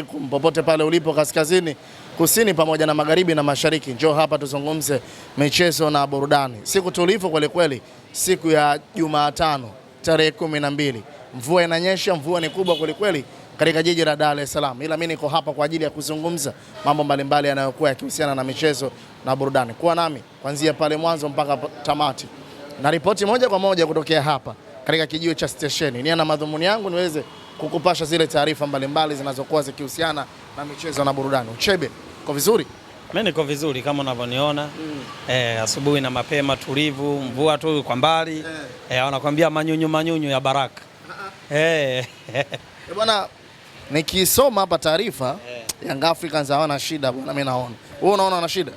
alaikum, popote pale ulipo kaskazini, kusini, pamoja na magharibi na mashariki, njoo hapa tuzungumze michezo na burudani. Siku tulivu kweli kweli, siku ya Jumatano tarehe kumi na mbili, mvua inanyesha, mvua ni kubwa kweli kweli katika jiji la Dar es Salaam, ila mimi niko hapa kwa ajili ya kuzungumza mambo mbalimbali yanayokuwa yakihusiana na michezo na burudani. Kuwa nami kuanzia pale mwanzo mpaka tamati, na ripoti moja kwa moja kutokea hapa katika kijiwe cha stesheni. Nia na madhumuni yangu niweze kukupasha zile taarifa mbalimbali zinazokuwa zikihusiana na michezo na burudani. Uchebe, uko vizuri? Mimi niko vizuri kama unavyoniona mm. Eh, asubuhi na mapema tulivu, mvua tu kwa mbali Eh, eh. wanakuambia manyunyu manyunyu ya baraka ah, ah. eh. E bwana, nikisoma hapa taarifa eh. Young Africans hawana shida bwana, mimi naona. Wewe unaona wana shida?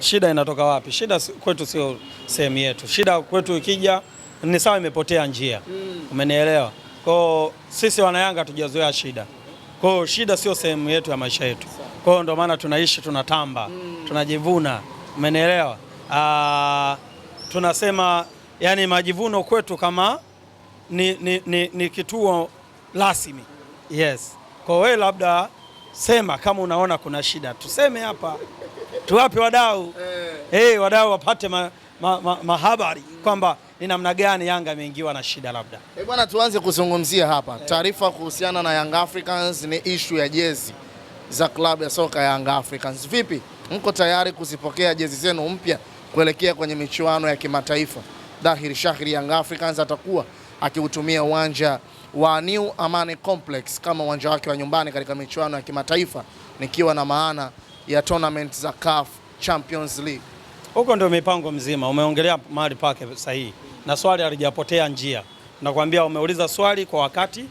Shida inatoka wapi? Shida kwetu sio sehemu yetu. Shida kwetu ikija ni sawa, imepotea njia mm. Umenielewa? Kwa sisi wanayanga hatujazoea shida, kwao shida sio sehemu yetu ya maisha yetu, kwa ndio maana tunaishi, tunatamba, mm. tunajivuna, umenielewa? Ah, tunasema yani majivuno kwetu kama ni, ni, ni, ni kituo rasmi yes. Kwa wewe labda sema kama unaona kuna shida, tuseme hapa, tuwape wadau eh, hey, eh, wadau wapate mahabari ma, ma, mahabari kwamba ni namna gani Yanga ameingiwa na shida labda. Eh, bwana tuanze kuzungumzia hapa eh, taarifa kuhusiana na Young Africans ni ishu ya jezi za klabu ya soka ya Young Africans. Vipi, mko tayari kuzipokea jezi zenu mpya kuelekea kwenye michuano ya kimataifa? Dhahiri shahiri Young Africans atakuwa akiutumia uwanja wa New Amani Complex kama uwanja wake wa nyumbani katika michuano ya kimataifa, nikiwa na maana ya tournament za CAF Champions League. Huko ndio mipango mzima, umeongelea mahali pake sahihi na swali halijapotea njia. Nakwambia umeuliza swali kwa wakati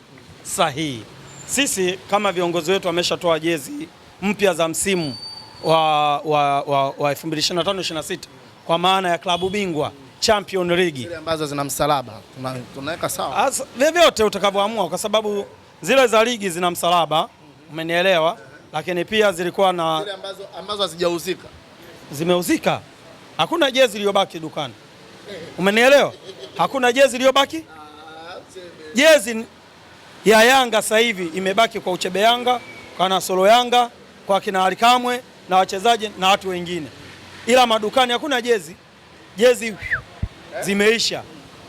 sahihi. Sisi kama viongozi wetu wameshatoa jezi mpya za msimu wa, wa, wa, wa 2025 26 kwa maana ya klabu bingwa Champion League zile ambazo zina msalaba tunaweka sawa, vyovyote utakavyoamua, kwa sababu zile za ligi zina msalaba, umenielewa. Lakini pia zilikuwa na zile ambazo ambazo hazijauzika zimeuzika, hakuna jezi iliyobaki dukani. Umenielewa? Hakuna jezi iliyobaki. Jezi ya Yanga sasa hivi imebaki kwa Uchebe Yanga, kwa Nasolo Yanga, kwa kina Alikamwe na wachezaji na watu wengine, ila madukani hakuna jezi. Jezi zimeisha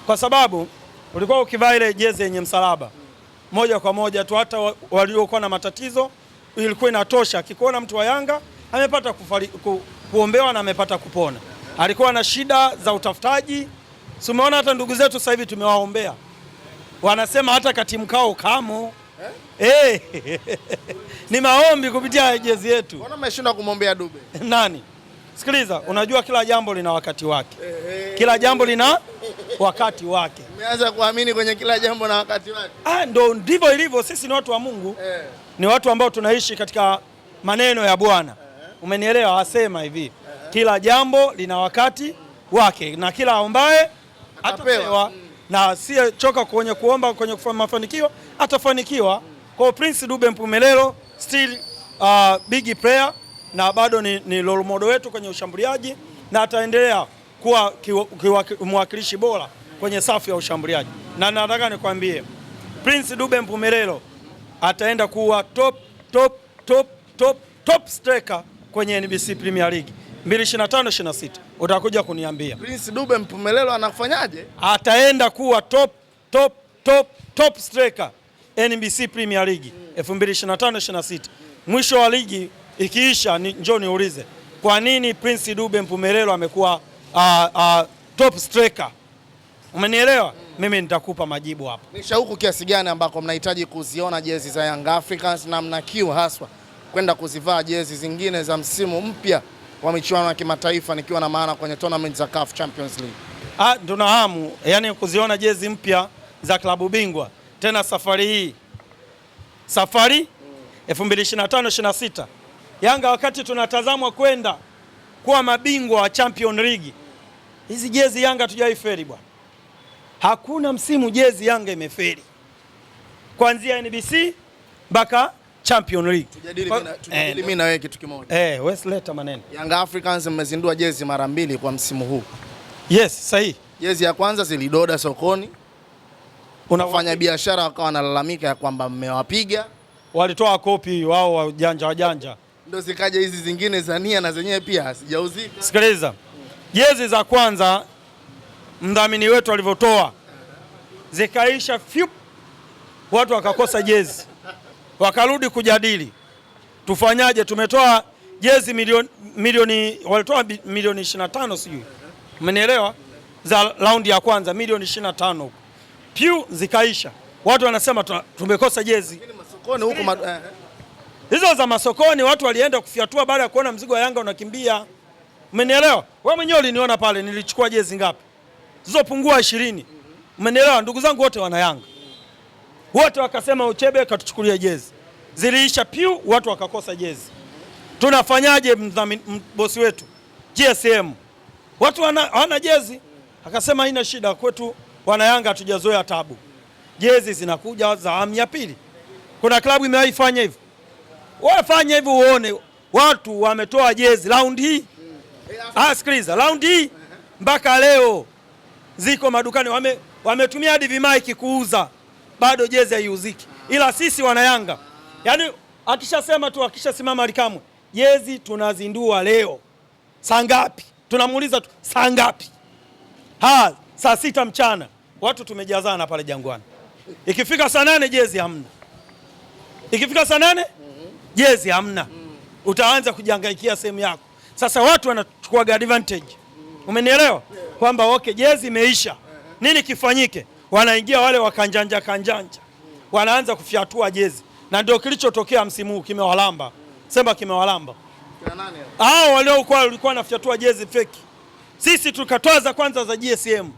kwa sababu ulikuwa ukivaa ile jezi yenye msalaba moja kwa moja tu, hata waliokuwa na matatizo ilikuwa inatosha. Akikuona mtu wa Yanga amepata ku, kuombewa na amepata kupona alikuwa na shida za utafutaji. Tumeona hata ndugu zetu sasa hivi tumewaombea, wanasema hata katimu kao kamo eh? Hey. Eh. ni maombi kupitia jezi yetu. Mbona umeshindwa kumwombea Dube? Nani? Sikiliza eh. Unajua kila jambo lina wakati wake eh, eh. Kila jambo lina wakati wake. Umeanza kuamini kwenye kila jambo na wakati wake. Ah, ndo ndivyo ilivyo. Sisi ni watu wa Mungu eh. Ni watu ambao tunaishi katika maneno ya Bwana eh. Umenielewa? Asema hivi kila jambo lina wakati wake na kila ambaye atapewa, mm. na asiyechoka kwenye kuomba kwenye mafanikio atafanikiwa. Kwa Prince Dube Mpumelelo still uh, big player na bado ni, ni role model wetu kwenye ushambuliaji na ataendelea kuwa mwakilishi bora kwenye safu ya ushambuliaji, na nataka nikwambie Prince Dube Mpumelelo ataenda kuwa top, top, top, top, top striker kwenye NBC Premier League. 2025 26 utakuja kuniambia Prince Dube Mpumelelo anafanyaje, ataenda kuwa top, top, top, top striker NBC Premier League 2025 26. Mwisho wa ligi ikiisha, njoo niulize kwa nini Prince Dube Mpumelelo amekuwa uh, uh, top striker. Umenielewa? Mimi nitakupa majibu hapo. Ni shauku kiasi gani ambako mnahitaji kuziona jezi za Young Africans na mna kiu haswa kwenda kuzivaa jezi zingine za msimu mpya? wa michuano ya kimataifa, nikiwa na maana kwenye tournament za CAF Champions League. Ah, tuna hamu yani kuziona jezi mpya za klabu bingwa tena safari hii, safari mm. 2025 26 Yanga wakati tunatazamwa kwenda kuwa mabingwa wa Champion League, hizi jezi Yanga hatujawahi feri bwana. Hakuna msimu jezi Yanga imeferi kuanzia NBC mpaka Champion League. Tujadili mimi mimi na wewe kitu kimoja. Eh, leta maneno. Young Africans mmezindua jezi mara mbili kwa msimu huu. Yes, sahihi. Jezi ya kwanza zilidoda sokoni. Unafanya biashara wakawa wanalalamika ya kwamba mmewapiga. Walitoa kopi wao wajanja wajanja. Ndio zikaja hizi zingine za nia na zenyewe pia hazijauzika. Sikiliza. Jezi za kwanza mdhamini wetu alivyotoa zikaisha fyup, watu wakakosa jezi wakarudi kujadili tufanyaje, tumetoa jezi milioni milioni walitoa milioni 25 sijui mmenielewa, za raundi ya kwanza milioni 25 huko pyu zikaisha, watu wanasema tumekosa jezi eh. hizo za masokoni. Watu walienda kufyatua baada ya kuona mzigo wa Yanga unakimbia, mmenielewa. Wewe mwenyewe uliniona pale, nilichukua jezi ngapi zilizopungua ishirini, mmenielewa. Ndugu zangu wote wana Yanga wote wakasema Uchebe katuchukulia jezi, ziliisha piu, watu wakakosa jezi. Tunafanyaje bosi wetu GSM, watu wana jezi? Akasema haina shida, kwetu wanayanga hatujazoea tabu, jezi zinakuja za awamu ya pili. Kuna klabu imewaifanya hivyo, wafanye hivyo uone. Watu wametoa jezi raundi hii, ah, sikiliza, raundi hii mpaka leo ziko madukani, wametumia wame hadi vimaiki kuuza bado jezi haiuziki, ila sisi wanayanga, yani akishasema tu akishasimama Alikamwe, jezi tunazindua leo saa ngapi? Tunamuuliza tu saa ngapi? Ha, saa sita mchana watu tumejazana pale Jangwani, ikifika saa nane jezi hamna, ikifika saa nane jezi hamna, utaanza kujangaikia sehemu yako. Sasa watu wanachukua advantage, umenielewa? Kwamba okay, jezi imeisha, nini kifanyike? wanaingia wale wakanjanja kanjanja, wanaanza kufyatua jezi, na ndio kilichotokea msimu huu, kimewalamba Simba, kimewalamba hao waliokuwa walikuwa wanafyatua jezi feki. Sisi tukatoa za kwanza za GSM, uh-huh.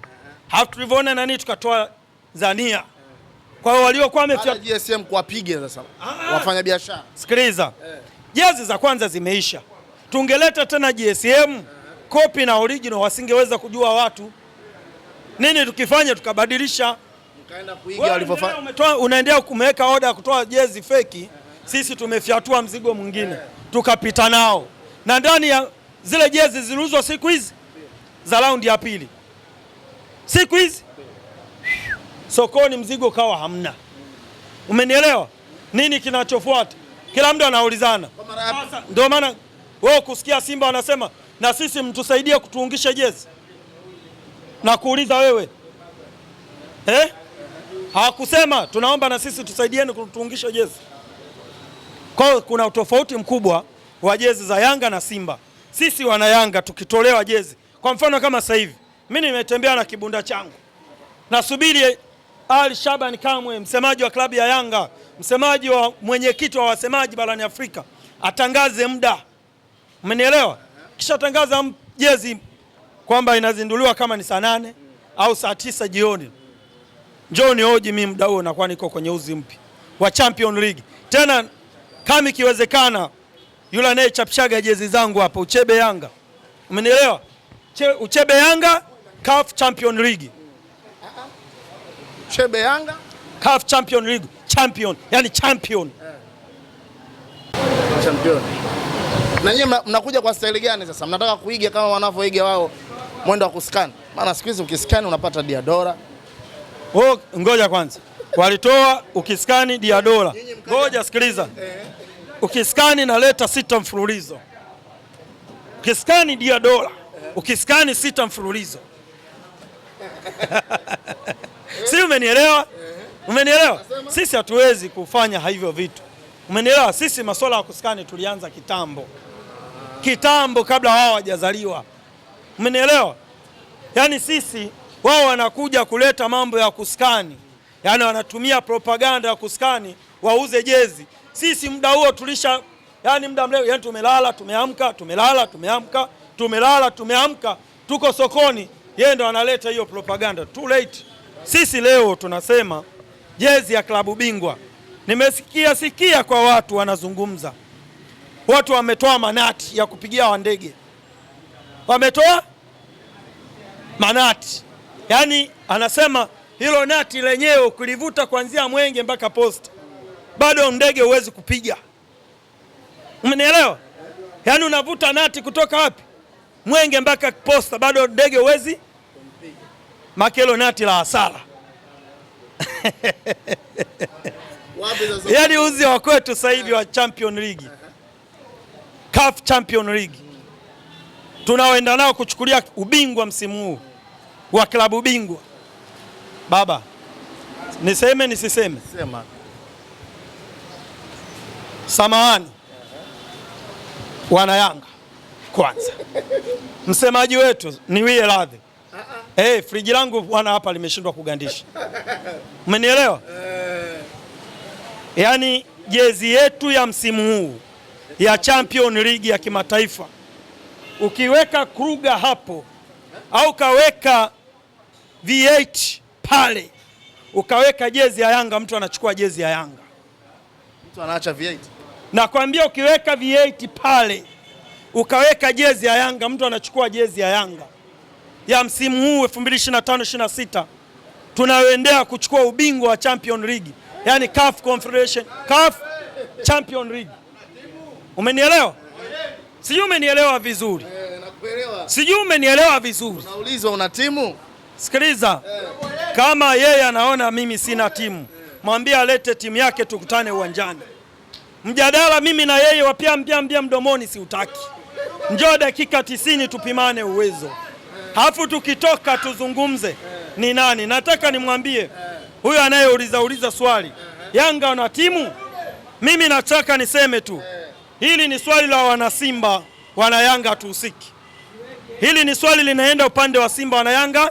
halafu tulivyoona nani tukatoa zania kwa hiyo waliokuwa wamefyatua GSM kuwapiga sasa ah. wafanya biashara. Sikiliza, eh. jezi za kwanza zimeisha, tungeleta tena GSM kopi uh-huh. na original, wasingeweza kujua watu nini tukifanya tukabadilisha, mkaenda Unaendelea kumeweka oda ya kutoa jezi feki, sisi tumefyatua mzigo mwingine tukapita nao, na ndani ya zile jezi ziliuzwa siku hizi za raundi ya pili, siku hizi sokoni mzigo kawa hamna. Umenielewa? Nini kinachofuata? Kila mtu anaulizana. ndio maana wewe kusikia Simba wanasema na sisi mtusaidie kutuungisha jezi na kuuliza wewe eh? Hawakusema tunaomba na sisi tusaidieni kutuungisha jezi. Kwa kuna utofauti mkubwa wa jezi za Yanga na Simba. Sisi wana Yanga tukitolewa jezi, kwa mfano kama sasa hivi mimi nimetembea na kibunda changu, nasubiri Ali Shaban Kamwe, msemaji wa klabu ya Yanga, msemaji wa mwenyekiti wa wasemaji barani Afrika, atangaze muda, umenielewa? Kisha tangaza jezi kwamba inazinduliwa kama ni saa nane au saa tisa jioni, njoo nioji hoji mimi muda huo nakuwa niko kwenye uzi mpya wa Champion League. Tena kama ikiwezekana, yule anayechapishaga jezi zangu hapa Uchebe Yanga, umenielewa? Uchebe Yanga CAF Champion League, Uchebe Yanga CAF Champion League, champion yani champion champion. Na nyinyi mnakuja kwa staili gani sasa? Mnataka kuiga kama wanavyoiga wao? mwendo wa kuskani, maana siku hizi ukiskani unapata diadora. Oh, ngoja kwanza walitoa ukiskani diadora. Ngoja sikiliza, ukiskani naleta sita mfululizo, ukiskani diadora, ukiskani sita mfululizo si umenielewa? Umenielewa? Sisi hatuwezi kufanya hivyo vitu, umenielewa? Sisi masuala ya kuskani tulianza kitambo, kitambo kabla wao hawajazaliwa. Mmenielewa? Yaani sisi wao wanakuja kuleta mambo ya kuskani, yaani wanatumia propaganda ya kuskani wauze jezi. Sisi muda huo tulisha, yaani muda mrefu, yaani tumelala tumeamka, tumelala tumeamka, tumelala tumeamka, tuko sokoni, yeye ndo analeta hiyo propaganda. Too late. Sisi leo tunasema jezi ya klabu bingwa. Nimesikia sikia kwa watu wanazungumza, watu wametoa manati ya kupigia wandege, ndege, wametoa manati, yaani anasema hilo nati lenyewe ukilivuta kuanzia Mwenge mpaka Posta bado ndege huwezi kupiga. Umenielewa? Yaani unavuta nati kutoka wapi? Mwenge mpaka Posta bado ndege huwezi makelo nati la hasara. Yaani uzi wa kwetu sasa hivi wa Champion League, CAF Champion League tunaoenda nao kuchukulia ubingwa msimu huu wa klabu bingwa baba, niseme nisiseme? Sema. Samahani wana Yanga, kwanza msemaji wetu niwie radhi Hey, eh, friji langu wana hapa limeshindwa kugandisha, umenielewa? Eh. Yaani jezi yetu ya msimu huu ya Champion League ya kimataifa ukiweka Kruger hapo au kaweka V8 pale ukaweka jezi ya Yanga, mtu anachukua jezi ya Yanga, mtu anaacha V8. Nakwambia ukiweka V8 pale ukaweka jezi ya Yanga, mtu anachukua jezi ya Yanga ya msimu huu 2025 26 tunayoendea kuchukua ubingwa wa Champion League, yani CAF Confederation CAF Champion League. Umenielewa? Sijui umenielewa vizuri, eh, sijui umenielewa vizuri. Unaulizwa una timu Sikiliza, kama yeye anaona mimi sina timu, mwambie alete timu yake tukutane uwanjani. Mjadala mimi na yeye mbia mdomoni siutaki. Njoo dakika tisini tupimane uwezo, halafu tukitoka tuzungumze ni nani. Nataka nimwambie huyo anayeuliza uliza swali Yanga wana timu. Mimi nataka niseme tu hili ni swali la wanasimba, wana Yanga hatuhusiki. Hili ni swali linaenda upande wa Simba, wana Yanga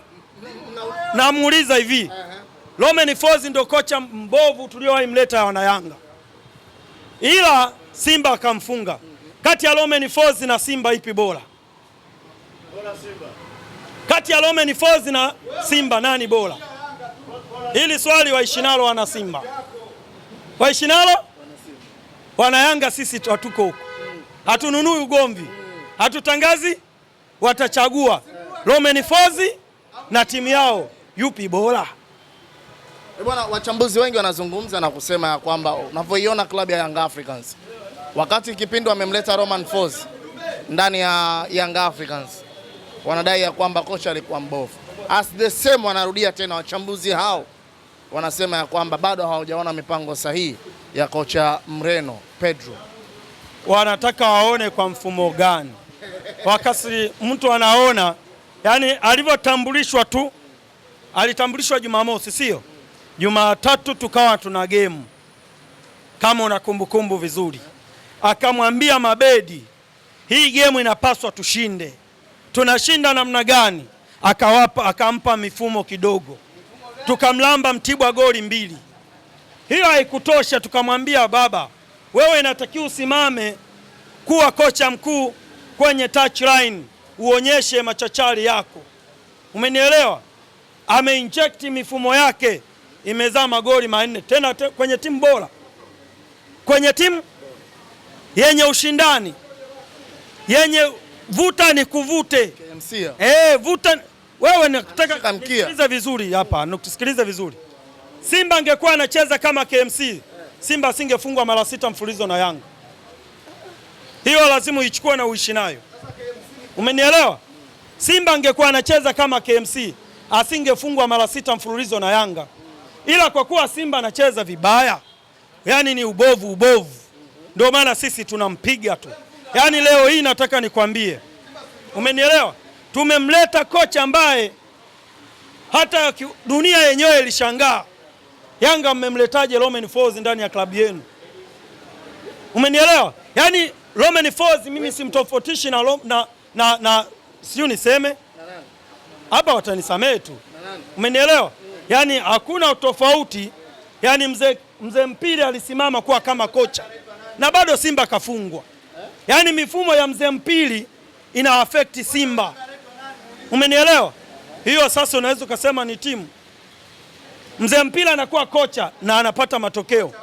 namuuliza hivi uh -huh. Romain Folz ndo kocha mbovu tuliowahi mleta wana Yanga, ila Simba akamfunga. Kati ya Romain Folz na Simba ipi bora? Bora Simba. Kati ya Romain Folz na Simba nani bora? Hili swali waishi nalo wana Simba, waishi nalo wana Yanga. Sisi hatuko huko, hatununui ugomvi, hatutangazi, watachagua Romain Folz na timu yao yupi bora? Eh, bwana, wachambuzi wengi wanazungumza na kusema ya kwamba unavyoiona klabu ya Young Africans wakati kipindi wamemleta Roman Folz ndani ya Young Africans wanadai ya kwamba kocha alikuwa mbovu. As the same wanarudia tena, wachambuzi hao wanasema ya kwamba bado hawajaona mipango sahihi ya kocha Mreno Pedro. Wanataka waone kwa mfumo gani, wakati mtu anaona yani alivyotambulishwa tu alitambulishwa Jumamosi, sio Jumatatu, tukawa tuna gemu kama una kumbukumbu vizuri, akamwambia Mabedi, hii gemu inapaswa tushinde. Tunashinda namna gani? Akawapa, akampa mifumo kidogo, tukamlamba Mtibwa goli mbili. Hiyo haikutosha, tukamwambia baba, wewe inatakiwa usimame kuwa kocha mkuu kwenye touchline, uonyeshe machachari yako, umenielewa? ameinject mifumo yake imezaa magoli manne tena te, kwenye timu bora, kwenye timu yenye ushindani, yenye vuta ni kuvute Eh, vuta wewe. Nataka nisikilize vizuri hapa, nikusikilize vizuri. Simba angekuwa anacheza kama KMC, Simba asingefungwa mara sita mfululizo na Yanga. Hiyo lazima uichukue na uishi nayo, umenielewa? Simba angekuwa anacheza kama KMC asingefungwa mara sita mfululizo na Yanga, ila kwa kuwa Simba anacheza vibaya, yani ni ubovu ubovu, ndio maana sisi tunampiga tu. Yani leo hii nataka nikwambie, umenielewa? Tumemleta kocha ambaye hata dunia yenyewe ilishangaa, Yanga mmemletaje Roman Folz ndani ya klabu yenu? Umenielewa? Yani Roman Folz mimi simtofautishi na, na, na, na siyo niseme hapa watanisamehe tu, umenielewa? Yaani hakuna tofauti. Yaani mzee mzee Mpili alisimama kuwa kama kocha na bado Simba kafungwa. Yaani mifumo ya mzee Mpili ina affect Simba, umenielewa? Hiyo sasa unaweza ukasema ni timu. Mzee Mpili anakuwa kocha na anapata matokeo,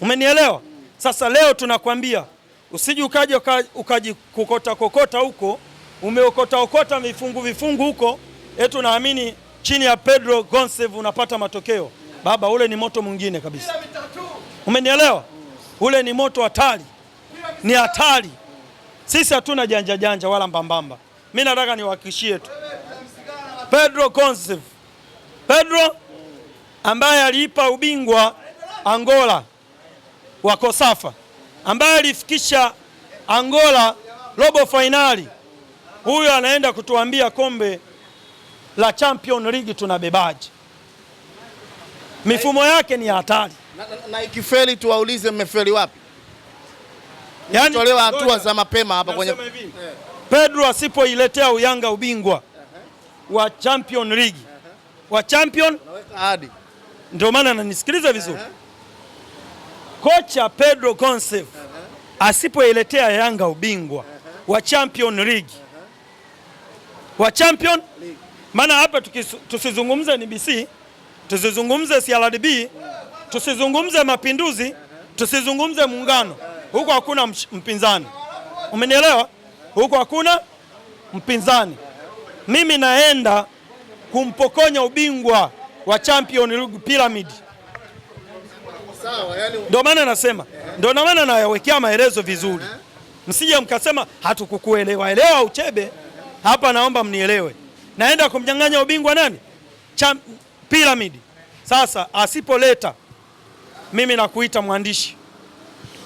umenielewa? Sasa leo tunakwambia usiji ukaje ukajikokota kokota huko umeokota okota vifungu vifungu huko, eti eh, unaamini chini ya Pedro Gonsev unapata matokeo. Baba, ule ni moto mwingine kabisa, umenielewa? Ule ni moto hatari, ni hatari. Sisi hatuna janja janja wala mbambamba. Mi nataka niwahakikishie tu Pedro Gonsev, Pedro ambaye aliipa ubingwa Angola wa Kosafa, ambaye alifikisha Angola robo fainali. Huyu anaenda kutuambia kombe la Champion League tunabebaje? Mifumo yake ni hatari, na, na, na ikifeli tuwaulize mmefeli wapi? Yani, tolewa hatua za mapema hapa kwenye... Pedro asipoiletea Uyanga ubingwa uh -huh. wa Champion League uh -huh. wa champion hadi, ndio maana ananisikiliza vizuri uh -huh. kocha Pedro Gonçalves uh -huh. asipoiletea Yanga ubingwa uh -huh. wa Champion League wa champion league. Maana hapa tusizungumze NBC, tusizungumze CRDB, tusizungumze mapinduzi, tusizungumze muungano, huko hakuna mpinzani. Umenielewa? Huko hakuna mpinzani. Mimi naenda kumpokonya ubingwa wa champion league pyramid. ndio maana nasema, ndio maana nayawekea maelezo vizuri, msije mkasema hatukukuelewa elewa uchebe. Hapa naomba mnielewe, naenda kumnyang'anya ubingwa nani? Cham piramidi. Sasa asipoleta mimi nakuita mwandishi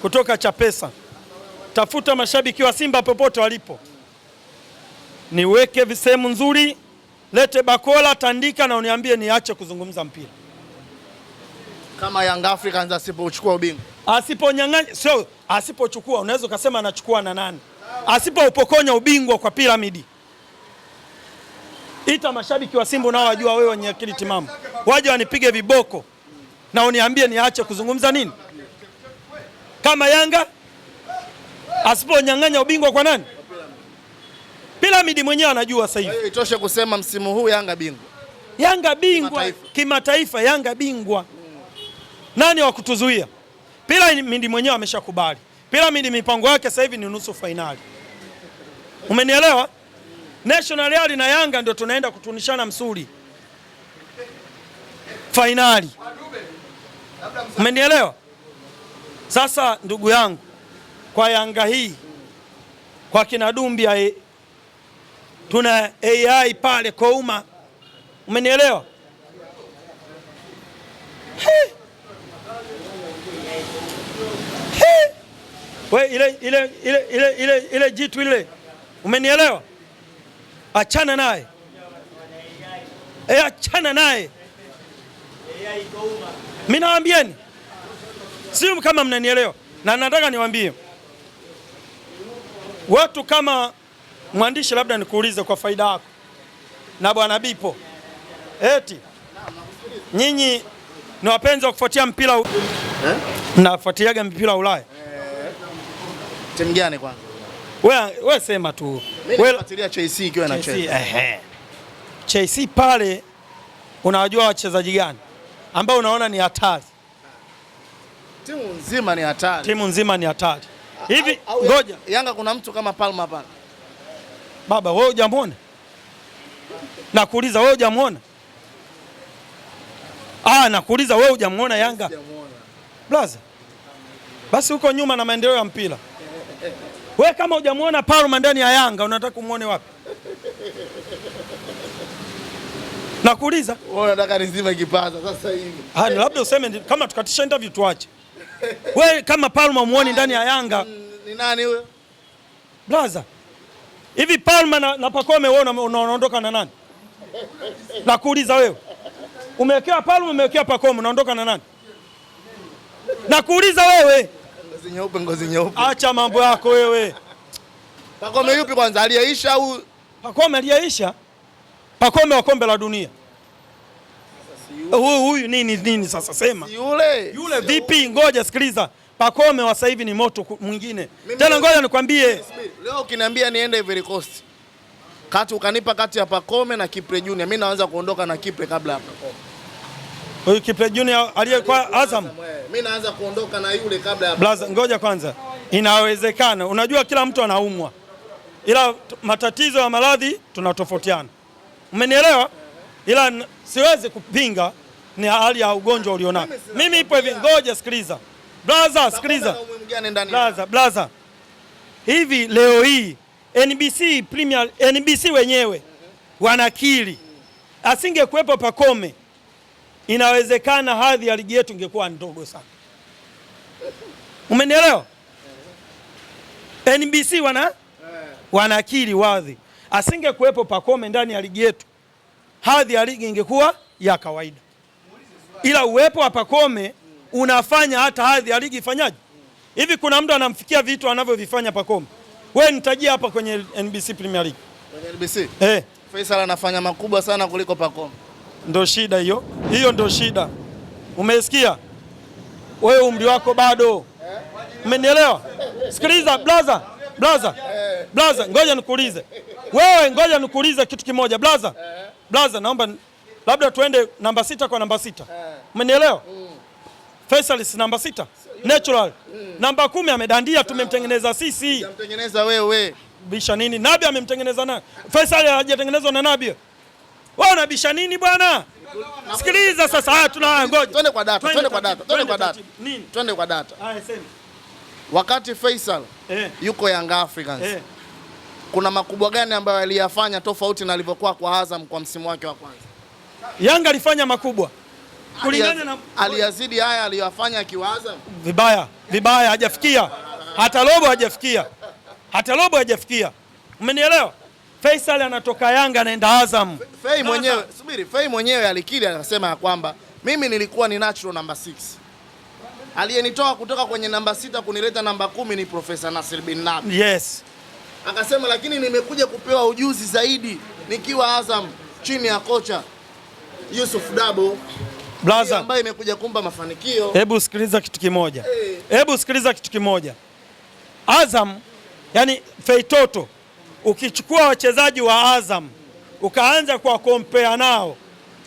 kutoka Chapesa, tafuta mashabiki wa Simba popote walipo, niweke sehemu nzuri, lete bakola, tandika na uniambie niache kuzungumza mpira. Kama Young Africans asipochukua ubingwa, asiponyang'anya, sio asipochukua, unaweza ukasema anachukua na nani? Asipoupokonya ubingwa kwa piramidi, Ita mashabiki wa Simba nao wajua wewe wenye akili timamu, waje wanipige viboko na uniambie niache kuzungumza nini? Kama Yanga asiponyang'anya ubingwa kwa nani? Piramidi mwenyewe anajua sasa hivi. Itoshe kusema msimu huu Yanga bingwa, Yanga bingwa kimataifa, kima Yanga bingwa Nani wa kutuzuia? Piramidi mwenyewe ameshakubali. Piramidi mipango yake sasa hivi ni nusu fainali, umenielewa? National Real na Yanga ndio tunaenda kutunishana msuri fainali. umenielewa Sasa ndugu yangu, kwa Yanga hii kwa kina Dumbia e, tuna AI pale Kouma, umenielewa? ile, ile, ile, ile, ile, ile jitu ile, umenielewa? Achana naye, e, achana naye. Mimi nawaambieni, siu kama mnanielewa, na nataka niwaambie watu kama mwandishi, labda nikuulize kwa faida yako na bwana Bipo, eti nyinyi ni wapenzi wa kufuatia mpira eh? Mnafuatiliaga mpira wa Ulaya eh? Timu gani kwanza? Wewe sema tu ikiwa inacheza. Ehe. Chelsea pale unawajua wachezaji gani ambao unaona ni hatari? Timu nzima ni hatari. Timu nzima ni hatari. Hivi ngoja. Yanga kuna mtu kama Palma pale. Baba wewe hujamwona? Nakuuliza wewe hujamwona? Ah, nakuuliza wewe hujamwona Yanga? Blaza. Basi huko nyuma na maendeleo ya mpira We kama hujamwona Parma ndani ya Yanga unataka kumwone wapi? Nakuuliza, wewe unataka nizima kipaza sasa hivi? Ah, ni labda useme kama tukatisha interview tuache. Wewe kama Palma muone ndani ya Yanga ni nani huyo? Brother. Hivi Palma na, na Pakome wewe unaondoka na nani? Nakuuliza wewe. Umewekewa Palma, umewekewa Pakome, unaondoka na nani? Nakuuliza wewe. Ngozi nyeupe, ngozi nyeupe. Acha mambo yako wewe. Pakome yupi kwanza aliyeisha au Pakome aliyeisha? Pakome wa kombe la dunia. Huyu huyu nini nini sasa sema. Si Yule. Yule si vipi? Ngoja sikiliza. Pakome wa sasa hivi ni moto mwingine. Tena ngoja nikwambie. Leo ukiniambia niende Ivory Coast. Kati ukanipa kati ya Pakome na Kipre Junior. Mimi naanza kuondoka na Kipre kabla ya Pakome. Huyu Kipre Junior aliyekuwa Azam. Azam mimi naanza kuondoka na yule kabla ya blaza. Ngoja kwanza, inawezekana. Unajua kila mtu anaumwa, ila matatizo ya maradhi tunatofautiana, umenielewa? Ila siwezi kupinga ni hali ya ugonjwa ulionao. Mimi ipo hivi, ngoja sikiliza blaza, sikiliza blaza, blaza. Hivi leo hii NBC Premier, NBC wenyewe wanakili, asingekuwepo Pakome inawezekana hadhi ya ligi yetu ingekuwa ndogo sana. Umenielewa? NBC wana akili wadhi, asingekuwepo Pakome ndani ya ligi yetu, hadhi ya ligi ingekuwa ya kawaida, ila uwepo wa Pakome unafanya hata hadhi ya ligi ifanyaje hivi. Kuna mtu anamfikia vitu anavyovifanya Pakome. Wewe nitajia hapa kwenye NBC Premier League, kwenye NBC eh, Faisal anafanya makubwa sana kuliko Pakome. Ndo shida hiyo, hiyo ndo shida. Umesikia wewe, umri wako bado, umenielewa? Sikiliza blaza, blaza, blaza, ngoja nikuulize wewe, ngoja nikuulize kitu kimoja blaza, blaza, naomba labda tuende namba sita kwa namba sita, umenielewa? si namba sita natural namba kumi amedandia, tumemtengeneza sisi, tumemtengeneza wewe, bisha nini? Nabi amemtengeneza na Faisal hajatengenezwa na Nabi wewe unabisha nini bwana? Sikiliza sasa, tuna ngoja, twende kwa data, twende kwa data, twende kwa data, twende kwa data. Haya, sema wakati Faisal eh, yuko Young Africans eh, kuna makubwa gani ambayo aliyafanya tofauti na alivyokuwa kwa Azam kwa msimu wake wa kwanza? Yanga alifanya makubwa kulingana na aliyazidi haya aliyofanya akiwa Azam. Vibaya vibaya, hajafikia hata robo, hajafikia hata robo, hajafikia. Umenielewa? Faisal anatoka Yanga anaenda Azam. Fei mwenyewe, subiri, Fei mwenyewe alikiri anasema ya kwamba mimi nilikuwa ni natural number 6. Aliyenitoa kutoka kwenye namba sita kunileta namba kumi ni Profesa Nasir bin Nabi. Yes. Akasema lakini nimekuja kupewa ujuzi zaidi nikiwa Azam chini ya kocha Yusuf Dabo. Blaza ambaye imekuja kumpa mafanikio. Hebu sikiliza kitu kimoja. Eh. Hebu sikiliza kitu kimoja. Azam yani Feitoto Ukichukua wachezaji wa Azam ukaanza kwa kompea nao,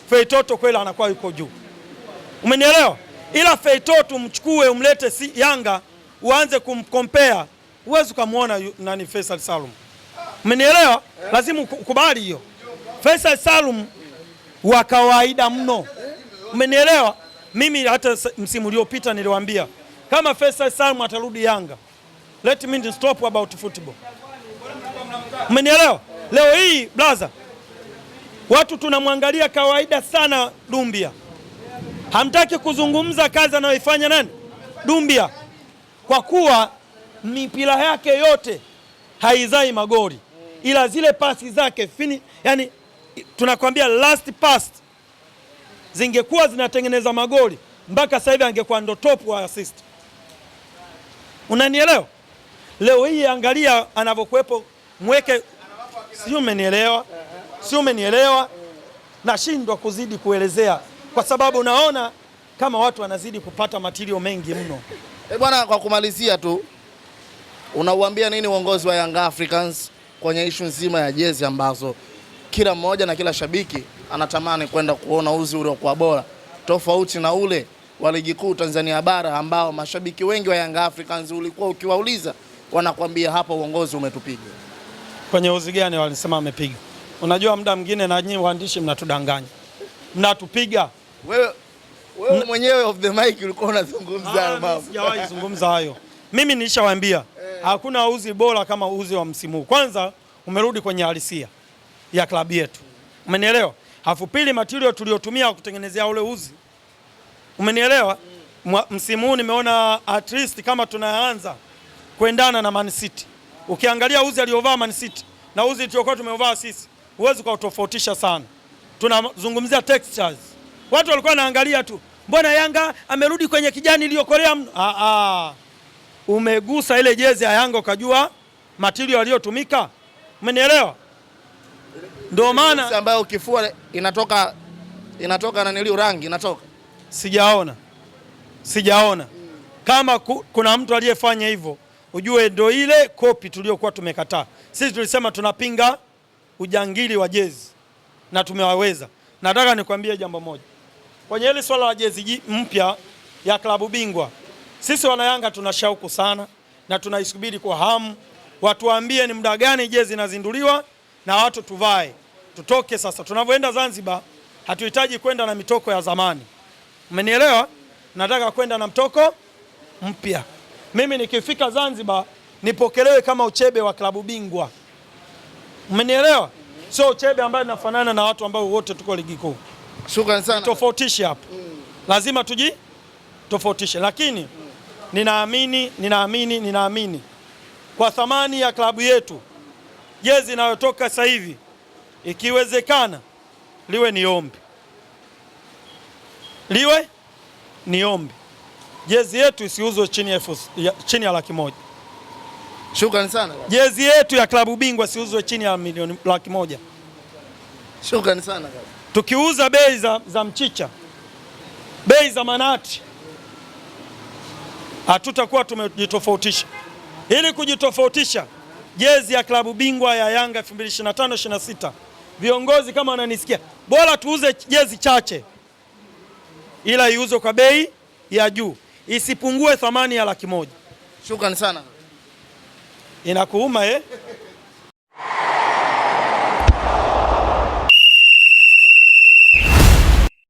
Feitoto kweli anakuwa yuko juu, umenielewa? Ila Feitoto mchukue umlete si Yanga uanze kumkompea, huwezi ukamwona nani Faisal Salum, umenielewa? Lazima ukubali hiyo. Faisal Salum wa kawaida mno, umenielewa? Mimi hata msimu uliopita niliwaambia kama Faisal Salum atarudi Yanga, let me stop about football. Umenielewa? Leo hii blaza, watu tunamwangalia kawaida sana Dumbia, hamtaki kuzungumza kazi anayoifanya nani Dumbia, kwa kuwa mipira yake yote haizai magoli, ila zile pasi zake fini, yani tunakwambia last pass zingekuwa zinatengeneza magoli mpaka sasa hivi angekuwa ndo top wa assist. Unanielewa? Leo hii angalia anavyokuwepo mweke, si umenielewa? Si umenielewa? Nashindwa kuzidi kuelezea kwa sababu naona kama watu wanazidi kupata matirio mengi mno. E bwana, kwa kumalizia tu, unauambia nini uongozi wa Young Africans kwenye ishu nzima ya jezi ambazo kila mmoja na kila shabiki anatamani kwenda kuona uzi uliokuwa bora tofauti na ule wa ligi kuu Tanzania bara ambao mashabiki wengi wa Young Africans ulikuwa ukiwauliza wanakuambia hapa uongozi umetupiga kwenye uzi gani walisema amepiga. Unajua muda mwingine na nyinyi waandishi mnatudanganya, mnatupiga. Wewe wewe mwenyewe off the mic ulikuwa unazungumza ah, mambo. Sijawahi zungumza hayo mimi eh, hakuna uzi bora kama uzi wa msimu huu. Kwanza umerudi kwenye halisia ya klabu yetu, umenielewa? Alafu pili, material tuliyotumia kutengenezea ule uzi, umenielewa? Mm. Msimu huu nimeona at least kama tunaanza kuendana na Man City Ukiangalia uzi aliovaa Man City na uzi tuliokuwa tumevaa sisi, huwezi kutofautisha sana. Tunazungumzia textures. Watu walikuwa wanaangalia tu, mbona Yanga amerudi kwenye kijani iliyokolea mno? Ah, ah. Umegusa ile jezi ya Yanga ukajua material aliyotumika, umenielewa? Ndio maana ambayo kifua inatoka inatoka nilio rangi inatoka, sijaona sijaona kama ku, kuna mtu aliyefanya hivyo ujue ndo ile kopi tuliyokuwa tumekataa sisi. Tulisema tunapinga ujangili wa jezi na tumewaweza. Nataka nikwambie jambo moja kwenye hili swala la jezi mpya ya klabu bingwa, sisi wanayanga tuna shauku sana na tunaisubiri kwa hamu, watuambie ni muda gani jezi inazinduliwa na watu tuvae, tutoke sasa. Tunavyoenda Zanzibar hatuhitaji kwenda na mitoko ya zamani, umenielewa? Nataka kwenda na mtoko mpya mimi nikifika Zanzibar nipokelewe kama uchebe wa klabu bingwa, umenielewa? Sio uchebe ambaye nafanana na watu ambao wote tuko ligi kuu. Shukrani sana. Tofautishe hapo mm. lazima tuji tofautishe, lakini ninaamini ninaamini ninaamini kwa thamani ya klabu yetu jezi inayotoka sasa hivi ikiwezekana liwe ni ombi liwe ni ombi jezi yetu isiuzwe chini ya, chini ya laki moja. Shukrani sana. Jezi yetu ya klabu bingwa siuzwe chini ya milioni laki moja. Shukrani sana. Tukiuza bei za, za mchicha bei za manati hatutakuwa tumejitofautisha. Ili kujitofautisha, jezi ya klabu bingwa ya Yanga 2025 26 viongozi kama wananisikia, bora tuuze jezi chache, ila iuzwe kwa bei ya juu isipungue thamani ya laki moja. Shukrani sana. Inakuuma eh?